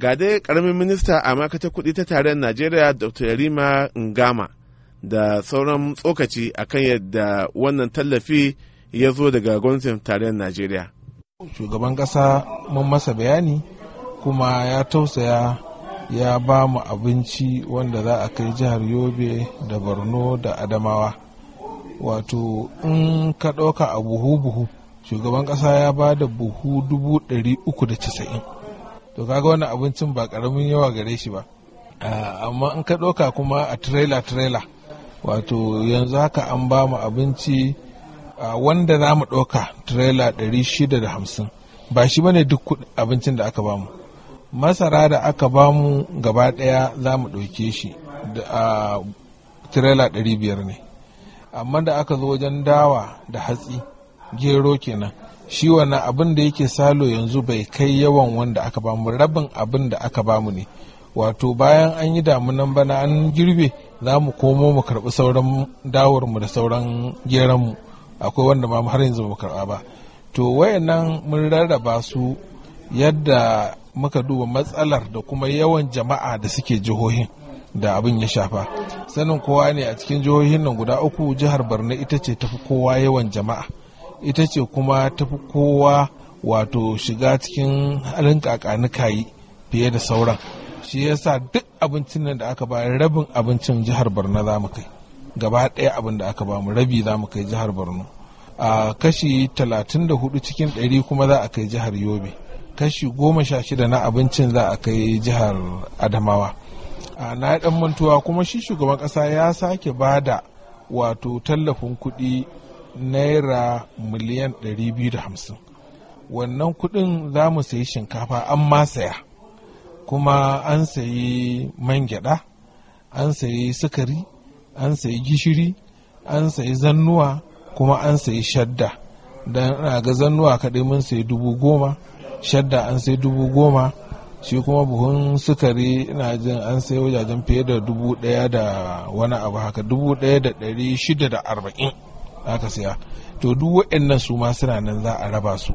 ga dai karamin minista a makata kuɗi ta tarihin najeriya dr yarima ngama da sauran tsokaci a kan yadda wannan tallafi ya zo daga gwamnatin tarihin najeriya shugaban kasa mun masa bayani kuma ya tausaya ya ba mu abinci wanda za a kai jihar yobe da borno da adamawa wato in ka ɗauka a buhu-buhu shugaban ƙasa ya ba da buhu 390 to kaga wannan abincin ba karamin yawa gare shi ba ah, amma in ka ɗauka kuma a trailer trailer wato yanzu haka an ba mu abinci wanda za mu ɗauka trailer 650 ba shi bane duk abincin da aka ba mu masara da aka ba mu gaba ɗaya za mu ɗauke shi da tirela 500 ne amma da aka zo wajen dawa da hatsi gero kenan shi wannan abin da yake salo yanzu bai kai yawan wanda aka bamu rabin abin da aka bamu ne wato bayan an yi damunan bana an girbe za mu komo mu karɓi sauran dawarmu da sauran geranmu akwai wanda ma har yanzu mu karɓa ba to wayannan mun rarraba su yadda muka duba matsalar da kuma yawan jama'a da suke jihohin da abin ya shafa sanin kowa ne a cikin jihohin nan guda uku jihar borno ita ce tafi kowa yawan jama'a ita ce kuma tafi kowa wato shiga cikin halin kakanika yi fiye da sauran shi yasa duk abincin nan da aka ba rabin abincin jihar borno za mu kai gaba ɗaya abin da aka ba mu rabi za mu kai jihar borno a kashi 34 cikin 100 kuma za a kai jihar yobe kashi 16 na abincin za a kai jihar adamawa a na dan mantuwa kuma shi shugaban ƙasa ya sake bada wato tallafin kuɗi naira miliyan 250 wannan kudin za mu sayi shinkafa an ma saya kuma an sayi man gyada an sayi sukari an sayi gishiri an sayi zannuwa kuma an sayi shadda don ga zannuwa kaɗai mun sayi dubu goma shadda an sayi dubu goma shi kuma buhun sukari ina jin an sai wajajen fiye da dubu ɗaya da wani abu haka dubu ɗaya da ɗari shida da arba'in aka siya to duk waɗannan su ma suna nan za a raba su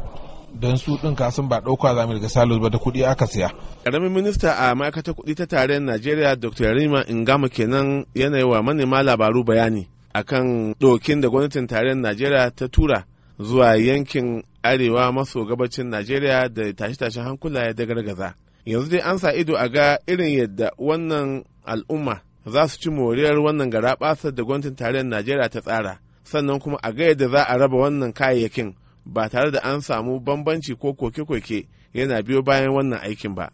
don su ɗin kasan ba ɗauka mu daga salos ba da kuɗi aka siya. Ƙaramin minista a ma'aikatar kuɗi ta tarayyar Najeriya Dr. Rima Ingama kenan yanayi wa manema labaru bayani akan ɗokin da gwamnatin tarayyar Najeriya ta tura zuwa yankin arewa maso gabacin Najeriya da tashe-tashen hankula ya dagargaza. Yanzu dai an sa ido a ga irin yadda wannan al'umma za su ci moriyar wannan garaɓasar da gwamnatin tarayyar Najeriya ta tsara. sannan kuma a ga da za a raba wannan kayayyakin ba tare da an samu bambanci ko koke-koke yana biyo bayan wannan aikin ba